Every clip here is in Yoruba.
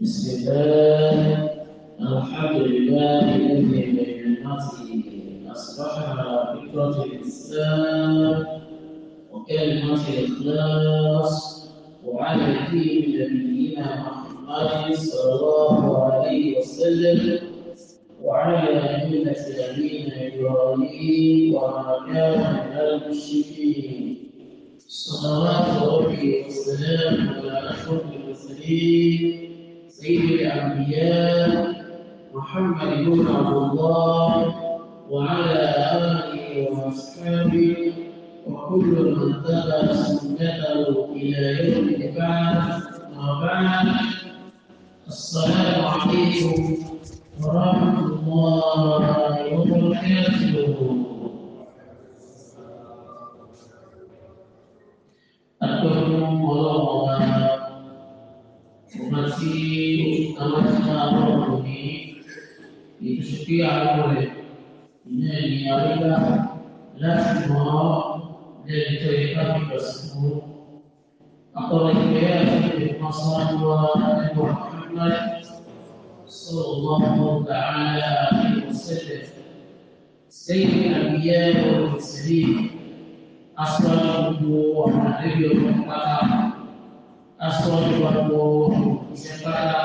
بسم الله الحمد لله الذي بنعمته أصبح فكرة الإسلام وكلمة الإخلاص وعلى دين نبينا محمد صلى الله عليه وسلم وعلى أئمة الذين إبراهيم وما كان من المشركين صلوات ربي والسلام على أشرف المرسلين سيد الأنبياء محمد بن عبد الله وعلى آله وأصحابه وكل من تبع سنته إلى يوم البعث وبعد السلام عليكم ورحمة الله وبركاته ìtúsíkíyàwó rẹ̀ iná ìyá ríra láti mọ́ lẹ́yìn tó yẹ ká fi bọ̀ sí fún un. أقول الحياة المصاب والنبي محمد صلى الله تعالى عليه وسلم سيد الأنبياء والمرسلين أصلا الوضوح النبي المقتدى أصلا الوضوح الشفاعة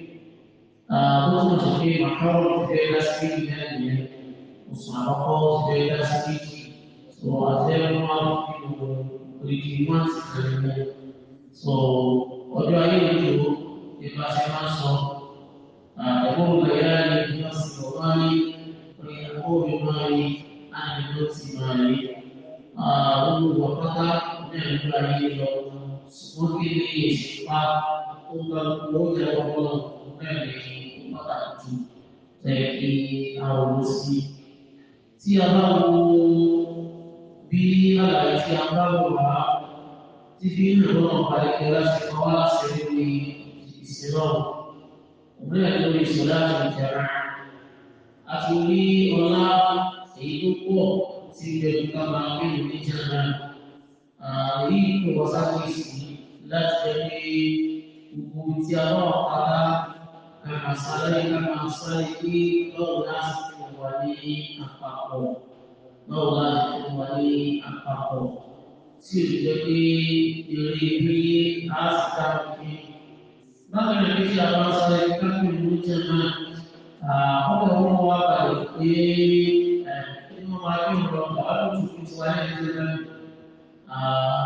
Muslim makhluk tidak sedikit Musnabako tidak sedikit So ada yang mau beriman sekalinya So ojo ayo itu kita masuk Aku bayani kita sekali Perilaku bimani Anda simani Lalu wakata Dan berani Semakin ini Pak Untuk wujud Allah Bukan ini pàtàkì tẹ̀ kí a wò sí. Tí a bá wo bí àlàyé tí a bá wò wá tí fi ń lò náà parí kí aláṣẹ kan wá láṣẹ lórí ìsìn náà. Òmìnira lórí ìṣọ̀lá àti ìjàrá. A ti rí ọlá èyí tó pọ̀ tí ilẹ̀ ìgbà máa ń gbèrò ní ìpò ọ̀sán kìí sí láti ẹgbẹ́ gbogbo tí a bá wà pátá. كما صلي كما صلي لولا ولي أقاكم لولا ولي أقاكم Sirjati dirihi asdaqi Maka Nabi Sallallahu Alaihi Wasallam menyebut jemaah ah, Apa eh, yang mau apa ini Ini memakai merokok cukup selain itu kan ah,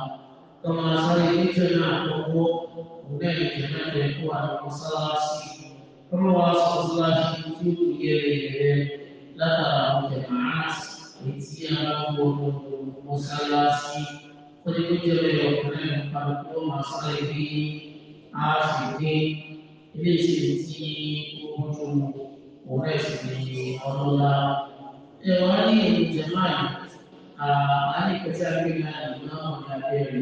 Kemasan ini jemaah Kemudian jemaah dari kuat Masalah sih olùwà sọ̀tún láti fún ìyẹ́rẹ́yẹ́rẹ́ látara àwọn jamaat ètí àwọn gbogbo mọ́sálásí kọ́lékọ́jọ́ rẹ̀ ọ̀kùnrin àlùkò màsáré bí àfìdé ilé ìṣẹ̀lẹ̀ tí ó mọ́jú òun ẹ̀sìn ní ọlọ́lá. ẹ̀wọ̀n á ní ìlú jamaat àáníkẹ́sí àgbéga ìlú náà ní abẹ́rẹ́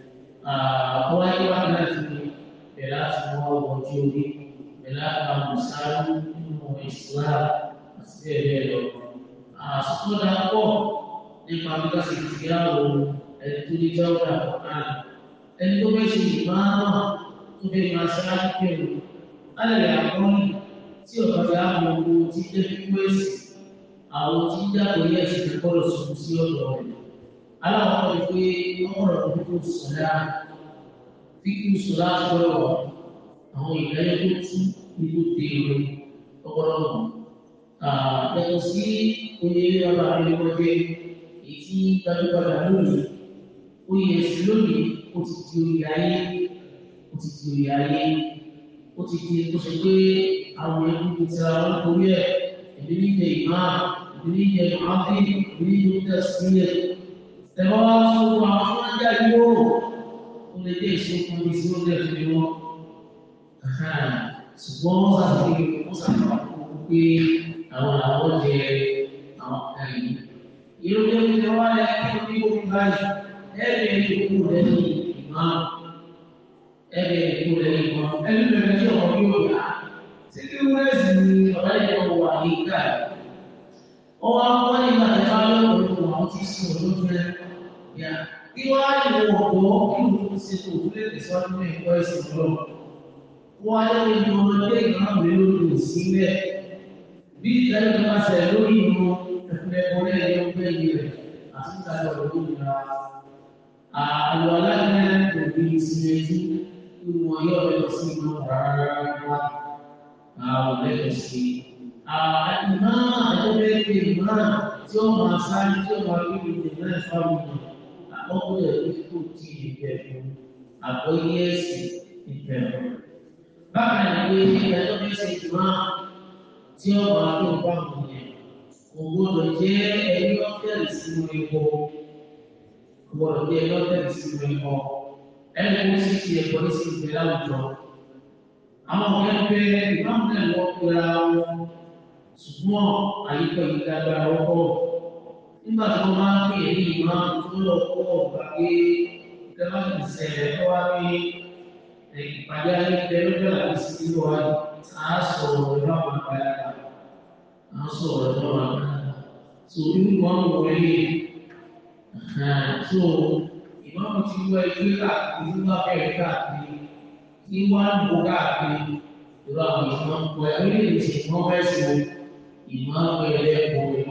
wáyé wáyé láti ní bẹ̀rẹ̀ láti mọ ọgbọ̀n tí ó Islam àti bẹ́ẹ̀ bẹ́ẹ̀ lọ. àsìkò náà pọ̀ nípa bí wọ́n ṣe ti yáwó ẹni tó ní jáwé àkọ́kàn siapa yang bẹ́ẹ̀ ṣe ìmáàmà tó bẹ́ẹ̀ máa sáré pẹ̀lú alẹ́ àkọ́rin aláwọ̀ ọ̀rọ̀ ìpè ọmọọ̀rọ̀ òkúkú sọ̀dá fíkú sọ̀dá sọ̀rọ̀ àwọn ìdájọ́ tó tú ibú tèrò ọ̀pọ̀lọpọ̀ yàtọ̀ sí onílé ọba àríwọ̀jẹ́ èyí gbajúgbajà lónìí oyè ẹ̀sìn lónìí ó ti di oyè ayé ó ti di oyè ayé ó ti di kó ṣe pé àwọn ẹbí ti tẹ ara wọn torí ẹ ẹbí níjẹ ìmáà ẹbí níjẹ ìmáàbí ẹbí níjẹ tẹsílẹ tẹ̀wọ́ wá sókun àwọn tó ń jáde yóò ó lè dé ìsókun ní sí oúnjẹ fún mi wọn. ṣùgbọ́n wọ́n ṣàlàyé wọ́n ṣàlàyé wọn pé àwọn àwọn jẹ àwọn kan yìí. ìlú tó ń tẹ wá lẹ kí wọ́n ní omi báyìí ẹ̀rẹ̀ ní òkú rẹ̀ ní ìmọ̀ ẹ̀rẹ̀ ní òkú rẹ̀ ní ìmọ̀ ẹ̀rẹ̀ ní òkú rẹ̀ ní ọ̀rọ̀ yóò yá. sí kí wọ́n rẹ̀ sì ní ọ̀rẹ́ ìjọba wà ní ìgbà Ya, kí wọ́n á lè wọ̀ bọ́ kí wọ́n ṣe kò fúlẹ̀ tẹ̀síwájú ní ẹ̀kọ́ ẹ̀sìn lọ. Wọ́n á lè ní ọmọdé ìgbàlódé lórí òsínlẹ̀. Bí ìtẹ́lẹ̀ tó bá ṣẹ̀ lórí ìlú ẹ̀kúnlẹ̀ ọ̀rẹ́ ẹ̀yọ́ gbẹ̀yẹ rẹ̀ àti ìtàlẹ̀ ọ̀rọ̀ lórí ra. Àwọn aláìlẹ̀ kò bí ìsinmi ẹjú kí wọ́n yọ̀ lọ sí ìlú rárá. Àwọn lẹ́yìn sí. Ìmáà gbọ́dọ̀ ikú ti ìbẹ̀rù àgbọ́yé ẹ̀sìn ìbẹ̀rù. Bákan náà ni pé ìgbà tó fẹ́ ṣe ìdùnnà tí ó wà tó bá wọn yẹn, kò gbọ́dọ̀ jẹ́ ẹni ọ́fẹ́rì sínú epo. Kò gbọ́dọ̀ jẹ́ mo ọ́fẹ́rì sínú epo. o si sì ṣe ẹ̀kọ́ ní sí ìgbẹ́ láwùjọ. Àwọn ọ̀gá ń bẹ ìbámu náà wọ́n pera wọn, ṣùgbọ́n àyíkọ́ yìí dágbára wọ́pọ̀ nígbà tí wọ́n máa ń pè ní ìmáà tó lọ kọ́ ọ̀gá pé gẹ́gẹ́ bí ìṣẹ̀lẹ̀ tó wá pé ìpàdé ayé tẹ́lẹ̀ àti sílò wa á sọ̀rọ̀ ìwà wọn padà á sọ̀rọ̀ ìwà wọn padà so nínú wọn wọlé so ìmáà ti wọ ẹgbẹ́ káàkiri nígbà bẹ́ẹ̀ káàkiri ní wọ́n á bọ̀ káàkiri ìwà àwọn ìfọ̀n pọ̀ ẹ̀rí lè ti fọ́n fẹ́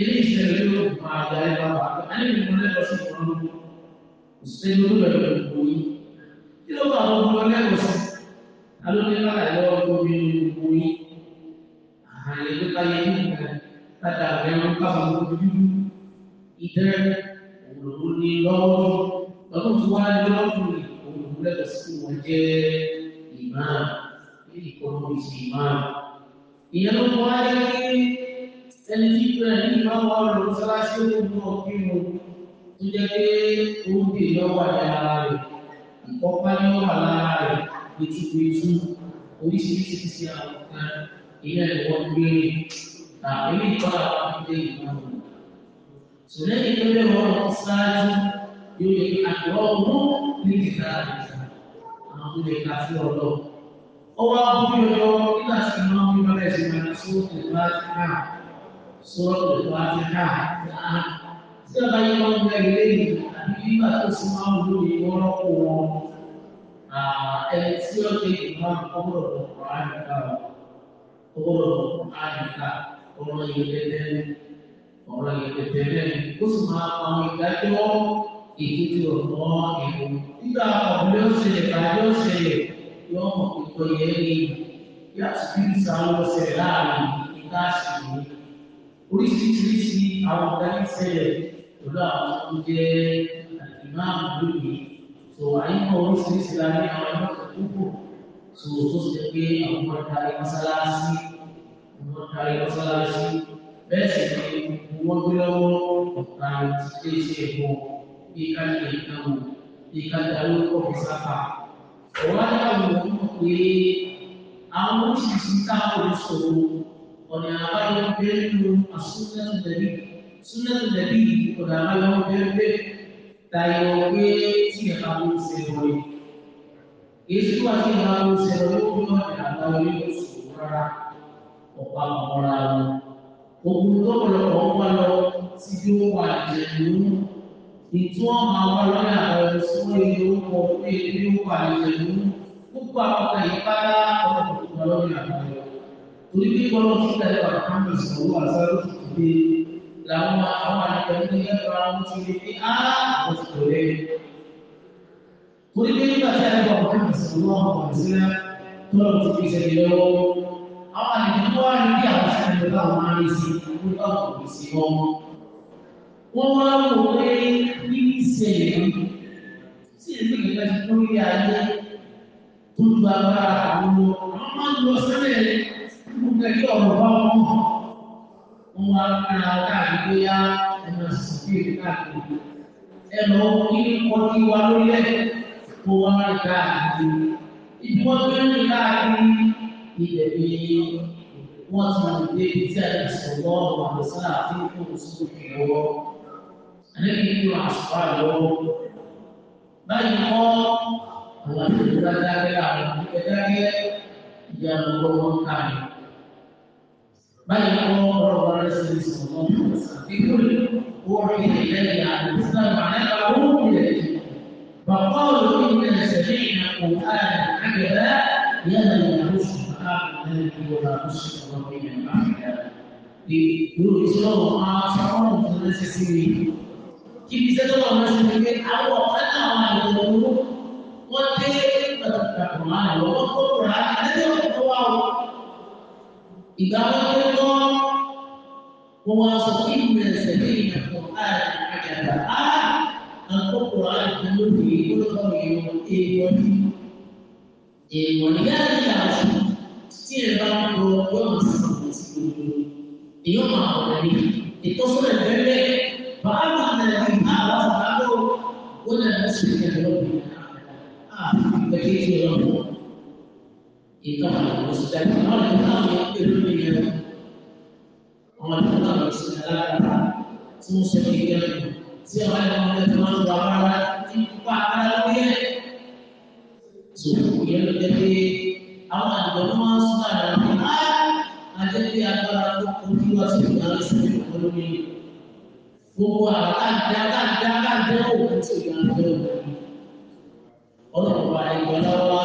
ilé ìṣẹ̀lẹ̀ yóò máa yà ẹ́ bá wà á ní ìmúlẹ̀ lọ sí ìwọ̀n lọ́wọ́ òṣèlú olúbẹ̀rẹ̀ òkú yìí kí ló bá àwọn ọmọ lẹ́kọ̀ọ́ sí alónílá ẹ̀rọ omi òkú yìí àyè ló ká yẹ ní ìgbà tàdà ẹ̀rọ káfà lójú dúdú ìdẹ́ ìyẹn ló wáyé ẹni tí ìpínlẹ̀ ní ìmáàmù àwọn olùsọ́láṣí òkú náà kí mo tó jẹ́ pé oúnjẹ lọ́wọ́ àyà ara rẹ̀ ìkọ́pá ní ọ̀wà lára rẹ̀ etí péjú oríṣiríṣi ti ṣe àwọn kan ìyá ìwọ́ gbé àwọn ilé ìkọ́ àwọn ilé ìmáàmù. sùnẹ́ ìpínlẹ̀ wọn ṣáájú yóò lè àgbọ̀ ọ̀hún ní ìta àìsàn àwọn tó lè ka sí ọlọ́ ọwọ́ abúlé ọjọ́ nígbà tí wọ́n ń bí wọn bẹ̀rẹ̀ sí sọ́ọ̀tù tó a ti ká tí a bá yẹ wọn gba ilé yìí àbí nígbà tó sì máa ń lo ìwọ́rọ́ kó wọn ẹni tí ó ti ìmọ̀ ọgbọ́dọ̀ tó kọ́ àyíká o ọgbọ́dọ̀ tó kọ́ àyíká ọ̀rọ̀ ìrẹ̀lẹ̀ ọ̀rọ̀ ìrẹ̀lẹ̀ ó sì máa pa àwọn ìdájọ́ ìdíje ọ̀pọ̀ ìlú nígbà ọ̀gbẹ́ òṣèlè ìdájọ́ òṣèlè yóò mọ̀ pípọ̀ yẹ́ ní yàtúbí ìsàlọ̀ ọ̀sẹ̀ láàrin ìdásí ìlú oríṣiríṣi àwọn ọ̀gáyé ṣẹlẹ̀ pẹ̀lú àwọn tó jẹ́ ìmáàmù lónìí tó àyíkọ́ oríṣiríṣi la ní àwọn ẹgbẹ́ púpọ̀ tó tó sì jẹ́ pé àwọn ọmọ ìdarí mọ́sálásí ọmọ ìdarí mọ́sálásí bẹ́ẹ̀ sì ni wọ́n gbé lọ́wọ́ ọ̀tá ti dé sí ẹ̀kọ́ bí káyọ̀ ìdánwò bí káyọ̀ olùkọ́ sáfà ọ̀wá yà wọ́n pé àwọn oríṣiríṣi táwọn sọ̀rọ̀ ونعملهم بهم السنة النبي سنة النبي ونعملهم بهم تايوكي تي هاو سيروي Yesu àti ìhàwọ̀ ìṣẹ̀lẹ̀ olóògùn náà ní àgbà orí oṣù rárá ọ̀pá ọ̀mọ́ra wọn. Ogun tó pọ̀lọpọ̀ ń wá lọ sí bí ó wà ìjẹ̀lú. Ìtú wọn máa wá lọ́yà ọ̀rọ̀ sọ́wọ́ ilé orúkọ fún èdè bí ó wà ìjẹ̀lú. Púpọ̀ àwọn ìpárá ọ̀rọ̀ ìgbàlódé àgbáyé torí pé bọ́lá fúnra ẹ̀ wà kánú ìṣòwò àṣàrò ìdè làwọn àwọn àjọ ní ẹ̀rọ àwọn ti rí pé á kò tó rẹ̀. torí pé nígbà tí ẹ̀rọ wà kánú ìṣòwò àwọn àṣírá tọ́lọ̀ ti fi ṣẹlẹ̀ lọ́wọ́ àwọn àjọ wá ní bí àwọn ṣẹlẹ̀ bá wọn á rí sí i bá wọn kò sí wọn. wọ́n wá wò pé ní ìṣẹ̀lẹ̀ sí ìlú ìgbà tó ń rí ayé tó ń gba agbára àwọn ọmọ ọmọ ọmọ ọmọ gbogbo ẹjọ́ ọ̀rọ̀ bá wọn wọn wá kára káàdì bóyá ẹnu àsìkò èdè káàkiri ẹnu ní ọdí wa lórílẹ̀ tó wá káàkiri ìdíwọ́n tó ń rìn káàkiri ilẹ̀ bí wọ́n ti máa dé ibi tí a lè sọ̀rọ̀ ọ̀rọ̀ àbẹ̀sán àti ìkókò sókè lọ́wọ́ àlejò ìlú àṣùpá lọ́wọ́ báyìí kọ́ àwọn àti ìdúrà dákẹ́ àwọn ìdúrà dákẹ́ ìjà lọ́wọ́ káàkiri. بل هو رب الرسول صلى الله عليه وسلم في كل اوحي الي عن الاسلام معناه اوحي اليه فقالوا انا سمعنا قرانا عجبا لنا يخص فاعلم ولا نصف ربنا احدا يرسلوا اعصابهم في الناس السنين kìí sẹ́tọ́ wà lọ́sẹ̀ ní pé àwọn ọ̀kadà àwọn àgbẹ̀ owó wọ́n dé pẹ̀lú ìgbàgbọ́n àwọn ọkọ̀ kọ̀ọ̀rọ̀ àti ẹ̀dẹ́gbẹ̀rún tó wà wọ́n. إذا وجدتم وواصفين سبيل القرآن عجبا القرآن يلهي كل قوي وإيمان ولذلك أشوف سير بانكو يوم السبت يوم الأولاني اتصل الجنة فأما الذين آمنوا ولا نسلك لهم آه بكيت ربهم يطلع المستقبل أنا أتعلم الدنيا أنا أتعلم السنة ثم سكينا سوى أن نتمنى ضرارة تبقى على Suhu yang menjadi awan berumah suara Al-Quran ada di antara kedua segala sebelumnya. Buatan jangan-jangan jauh segala sebelumnya. Orang baik pada Allah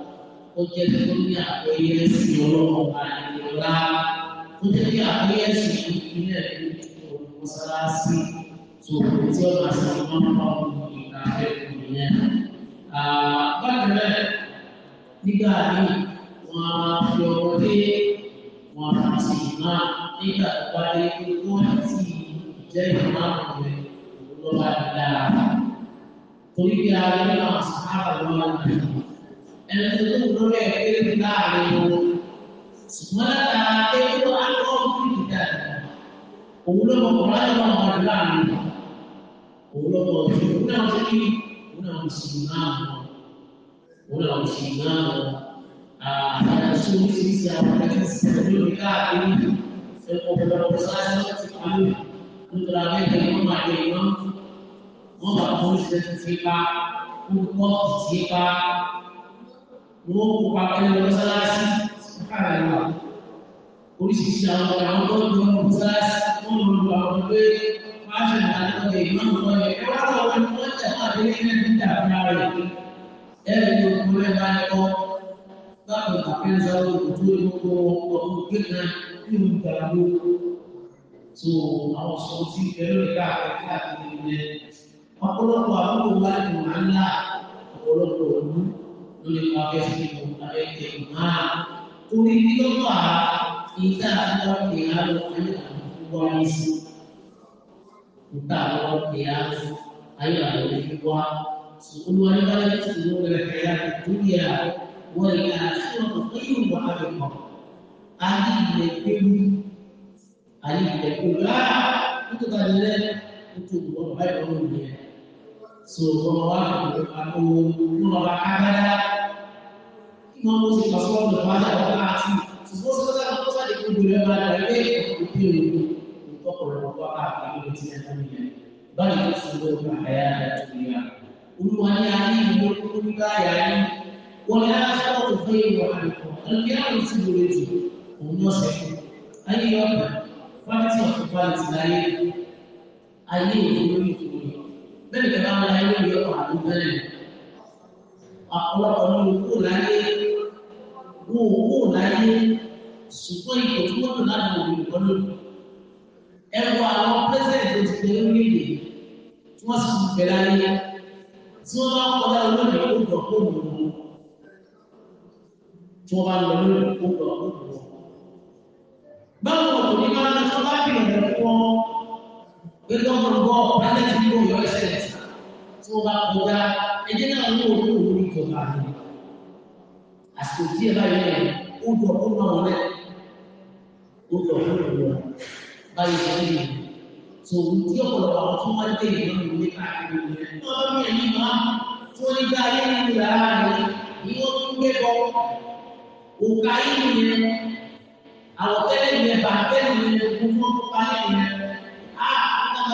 ó jẹ́ pé ó ní àpẹẹrẹ sí ọlọ́run àìlọ́lá ó jẹ́ pé àpẹẹrẹ sí ìpínlẹ̀ mọ́sálásí tó tí ó máa ṣe wọ́n pa ọmọ ìgbà ẹ̀kọ́ yẹn. bákan náà nígbà míì wọ́n á máa fi ọwọ́ dé wọ́n á ti máa nígbà tó bá dé wọ́n ti jẹ́ ìmáàmù rẹ̀ lọ́ba dáadáa. torí bí a rí àwọn sàárà lọ́wọ́ innanzitun dole ya kai fi da alayhi subhana ta kai ko an ko fi da ulo mo qur'an mo qur'an ulo mo una musiki una musimamo una musimamo ana suri sisi ya wakati sisi kati sai ko da wasasi sai Kuturannya dari imam ada imam, mau bagus dan siapa, wọn kó pa ẹni mọ́sálásí káàlà oríṣiríṣi àwọn àwọn tó ń lọ mọ́sálásí wọn lọ lọ àwọn pé máa ṣe àtàlẹ́ ìmọ̀ ìmọ̀ yẹn ẹ wá lọ wọn wọn jẹ fún àdéhùn ẹni ní ìdàgbà rẹ ẹ ẹ ní ogun rẹ bá yẹ kọ báwo àpẹẹrẹ sáré òkùtù ìmọ̀kọ ọdún gbẹ̀gbẹ̀ ní ìgbàlódé so àwọn sọ̀rọ̀ sí ẹ̀rọ ìgbà àkàkà àti ìgbẹ́ ọ̀pọ̀lọpọ̀ àwọn òwúrọ̀ àti màá ńlá ọ̀pọ̀lọpọ̀ ọdún. للمقاسم عليهما أريد الله إذا أردت أن أكون mtaala wa kiasi aina aliyokuwa sukulu alibali sukulu la hayati dunia wal akhiratu khayrun wa abqa ali lekum ali lekula itu kadale itu wa bayu dunia so ọmọ wa àgbo ọmọ wa kábàdá wọn mú ti pàṣẹ wọn lọ wájà wọn bá ti ṣùgbọ́n sọ sáà kó sáà lè kó gbèrè máa dà lé òkú bí òkú ìtọ́kọ̀rọ̀ wọn wá káàkiri ló ti yàtọ̀ nìyẹn báyìí ló ti wọ́n gba àyà rẹ̀ tó yà olúwa ní ayé ìwé olúwa bá yà á yìí wọn ní aláṣọ tó fẹ́ ìwà àlùkò ẹgbẹ́ àwọn tí wọlé jù òun náà sẹ́kù ayé ọ̀pọ̀ fáńtì ọ̀pọ̀ fáńtì láyé ayé ìwé olóyè bẹ́ẹ̀ bẹ́ẹ̀ bá ń la ilé ìwé ọkọ̀ àdúgbò rẹ̀. Ọ̀pọ̀lọpọ̀ ní kú láyé wò kú láyé ṣùgbọ́n ipò tí wọ́n lò láti wò lò lò. Ẹ wo àwọn pẹ́sẹ̀ntì tó ti lé orílẹ̀-èdè tí wọ́n sì fẹ́ láyé tí wọ́n bá kọjá olóògbé olóògbé ọ̀pọ̀lọpọ̀ òun tí wọ́n bá lọ lórí olóògbé ọ̀pọ̀lọpọ̀ òun. Báwo ni wọ́n bá ń lọ sọ́kà pé lọ́mọdé gbọ́ planet ní òyò ẹsẹ̀ tí wọ́n bá kọjá ẹjẹ́ náà ní òkú òun ní ìjọba rẹ̀ àsìkò tí ẹ báyìí rẹ̀ ó dọ̀ ó mọ̀ wọn rẹ̀ ó dọ̀ ó mọ̀ wọn báyìí ṣe ń yìí tó ń tí ọ̀pọ̀lọpọ̀ àwọn tó máa ń dé ìlú ìlú ní káàkiri rẹ̀ wọ́n bá mi ẹ̀mí máa tó ní bá ayé ń gbé ni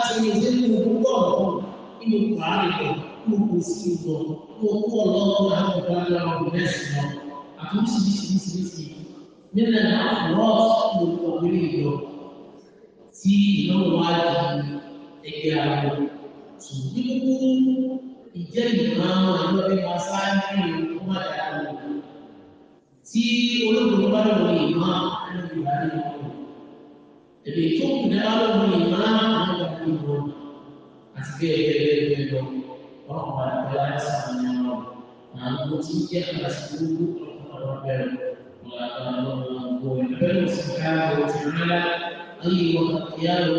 aṣèlédé ní orúkọ ọ̀hún nínú buhari rẹ̀ ní oko sí ìgbọ̀ ní oko ọlọ́run àwọn ìgbàlódé àwọn ìbílẹ̀ sí wọn àti oríṣiríṣiríṣiríṣi nílẹ̀ náà rọ́ọ̀sì ní oko ìbílẹ̀ ìgbọ̀ tí ìnáwó wa di ẹgbẹ́ àwọn ṣùgbọ́n nínú ìjẹ́ ìgbàmọ̀ ìlọ́bí wa sáré ní ọmọ àdáyà wọn tí olóògbé bá lọ́wọ́ ìgbà ẹni ìgbà nínú ọ̀hún. Jadi itu dalam lima anak ibu asli dari itu orang orang belas menyalon. Namun sejak atas dulu orang orang mengatakan orang orang belas sekarang berjalan ayi waktu yang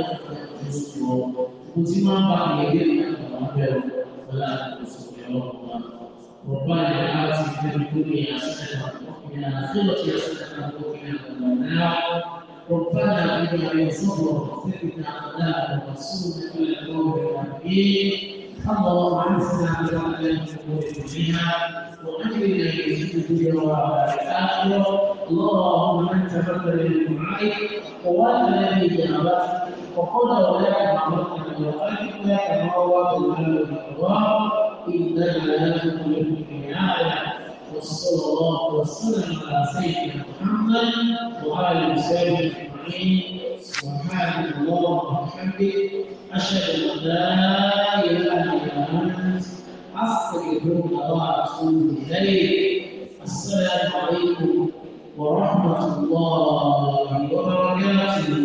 justru musim apa yang dia orang orang belas justru orang ربنا آتنا في الدنيا حسنة وقنا ربنا بما يسوع وثبت اقدامنا الرسول الى القوم الغالبين اللهم انفعنا بما يصبر بها واجرنا في الدنيا والاخره اللهم انت بدل المعين وانت الذي جابك وقل ولا تعمدنا وقلبنا كما هو في الامر والقضاء انك لا تخلف الكيان وصلى الله وسلم على سيدنا محمد وعلى اله اجمعين سبحان الله وبحمده اشهد ان لا اله الا انت استغفرك واتوب اليك السلام عليكم ورحمه الله وبركاته